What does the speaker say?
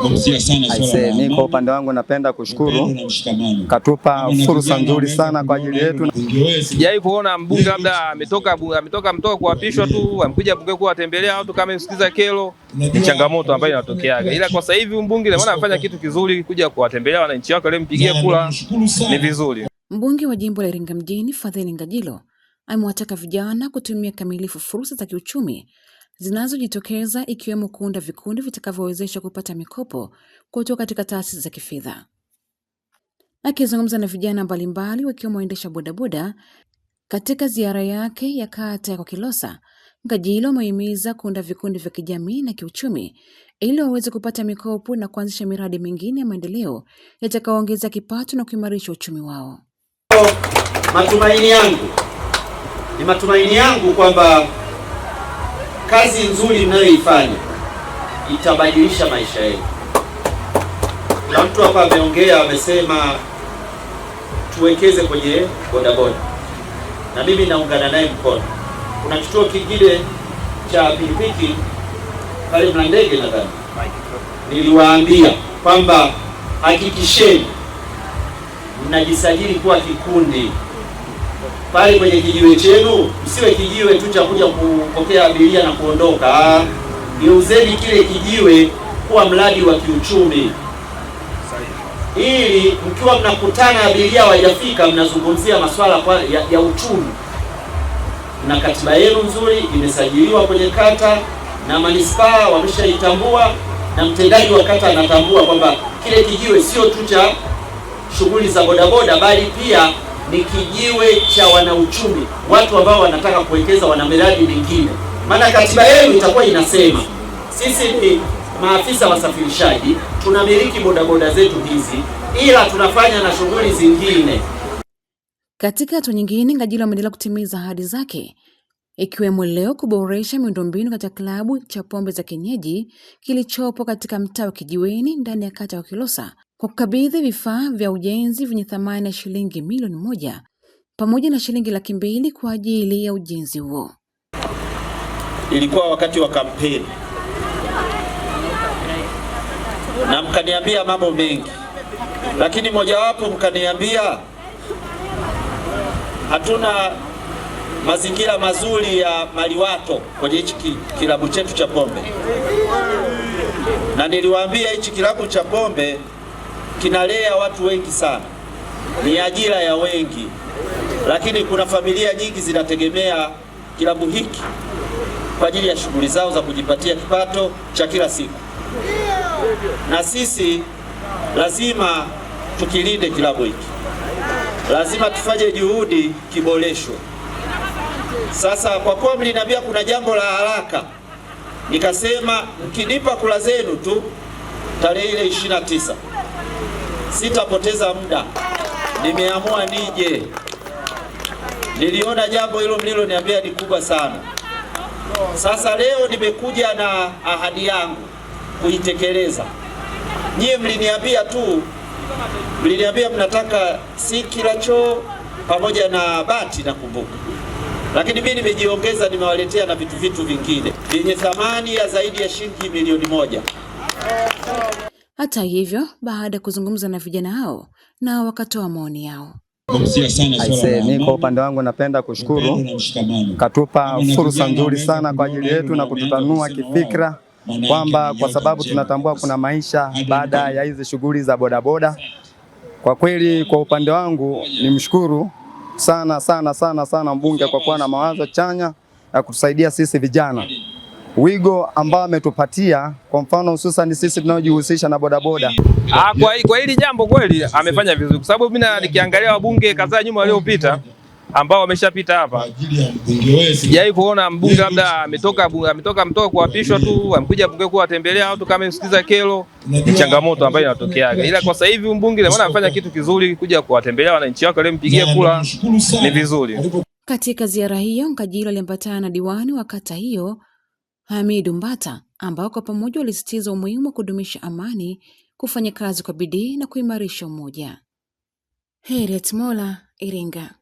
Aise, kwa upande wangu napenda kushukuru, katupa fursa nzuri sana kwa ajili yetu. Sijawahi kuona mbunge labda ametoka ametoka mtoka kuapishwa tu amkuja bunge kuwatembelea watu kama msikiza kero, ni changamoto ambayo inatokeaga, ila kwa sasa hivi mbunge naona amefanya kitu kizuri, kuja kuwatembelea wananchi wake aliyempigia kula ni vizuri. Mbunge wa jimbo la Iringa mjini Fadhili Ngajilo amewataka vijana kutumia kamilifu fursa za kiuchumi zinazojitokeza ikiwemo kuunda vikundi vitakavyowezesha kupata mikopo kutoka katika taasisi za kifedha. Akizungumza na vijana mbalimbali wakiwemo waendesha bodaboda katika ziara yake ya kata ya Kwakilosa, Ngajilo wamehimiza kuunda vikundi vya kijamii na kiuchumi ili waweze kupata mikopo na kuanzisha miradi mingine ya maendeleo yatakaoongeza kipato na kuimarisha uchumi wao. Matumaini yangu ni matumaini yangu kwamba kazi nzuri mnayoifanya itabadilisha maisha yenu. Kuna mtu hapa ameongea, amesema tuwekeze kwenye bodaboda, na mimi naungana naye mkono. Kuna kituo kingine cha pikipiki pale mna ndege, nadhani niliwaambia kwamba hakikisheni mnajisajili kuwa kikundi pale kwenye kijiwe chenu, msiwe kijiwe tu cha kuja kupokea abiria na kuondoka. Geuzeni kile kijiwe kuwa mradi wa kiuchumi, ili mkiwa mnakutana abiria wajafika, mnazungumzia masuala ya, ya uchumi. Na katiba yenu nzuri imesajiliwa kwenye kata na manispaa wameshaitambua, na mtendaji wa kata anatambua kwamba kile kijiwe sio tu cha shughuli za bodaboda, bali pia ni kijiwe cha wanauchumi, watu ambao wanataka kuwekeza, wana miradi mingine. Maana katiba yenu itakuwa inasema sisi ni maafisa wasafirishaji, tunamiliki bodaboda zetu hizi, ila tunafanya na shughuli zingine. Katika hatua nyingine, Ngajilo ameendelea kutimiza ahadi zake ikiwemo leo kuboresha miundombinu katika klabu cha pombe za kienyeji kilichopo katika mtaa wa Kijiweni ndani ya kata ya Kilosa kwa kukabidhi vifaa vya ujenzi vyenye thamani ya shilingi milioni moja pamoja na shilingi laki mbili kwa ajili ya ujenzi huo. Ilikuwa wakati wa kampeni na mkaniambia mambo mengi, lakini mojawapo mkaniambia hatuna mazingira mazuri ya maliwato kwenye hichi kilabu chetu cha pombe, na niliwaambia hichi kilabu cha pombe kinalea watu wengi sana, ni ajira ya wengi, lakini kuna familia nyingi zinategemea kilabu hiki kwa ajili ya shughuli zao za kujipatia kipato cha kila siku, na sisi lazima tukilinde kilabu hiki, lazima tufanye juhudi kiboreshwe. Sasa kwa kuwa mliniambia kuna jambo la haraka, nikasema mkinipa kula zenu tu tarehe ile 29. Sitapoteza muda, nimeamua nije. Niliona jambo hilo mliloniambia ni kubwa sana. Sasa leo nimekuja na ahadi yangu kuitekeleza. Nyie mliniambia tu, mliniambia mnataka si kila choo pamoja na bati, na kumbuka lakini mimi nimejiongeza, nimewaletea na vitu vitu vingine vyenye thamani ya zaidi ya shilingi milioni moja. Hata hivyo, baada ya kuzungumza na vijana hao, nao wakatoa maoni yao. mimi kwa upande wangu napenda kushukuru, katupa fursa nzuri sana kwa ajili yetu na kututanua kifikra, kwamba kwa sababu tunatambua kuna maisha baada ya hizi shughuli za bodaboda. Kwa kweli, kwa upande wangu nimshukuru sana sana sana sana mbunge kwa kuwa na mawazo chanya ya kutusaidia sisi vijana wigo ambao ametupatia kwa mfano hususan sisi tunaojihusisha na bodaboda. Ah, kwa, kwa hili jambo kweli amefanya vizuri, kwa sababu mimi nikiangalia wabunge kadhaa nyuma waliopita ambao wameshapita hapa, sijawahi kuona mbunge labda ametoka ametoka mtoka kuapishwa tu amkuja bunge kuwa atembelea watu kama msikiza kero, ni changamoto ambayo inatokeaga. Ila kwa sasa hivi mbunge maana amefanya kitu kizuri, kuja kuwatembelea wananchi wake waliompigia kula, ni vizuri. Katika ziara hiyo Ngajilo aliambatana na diwani wa kata hiyo Hamidu Mbata, ambao kwa pamoja walisitiza umuhimu wa kudumisha amani, kufanya kazi kwa bidii na kuimarisha umoja. heriet Mola, Iringa.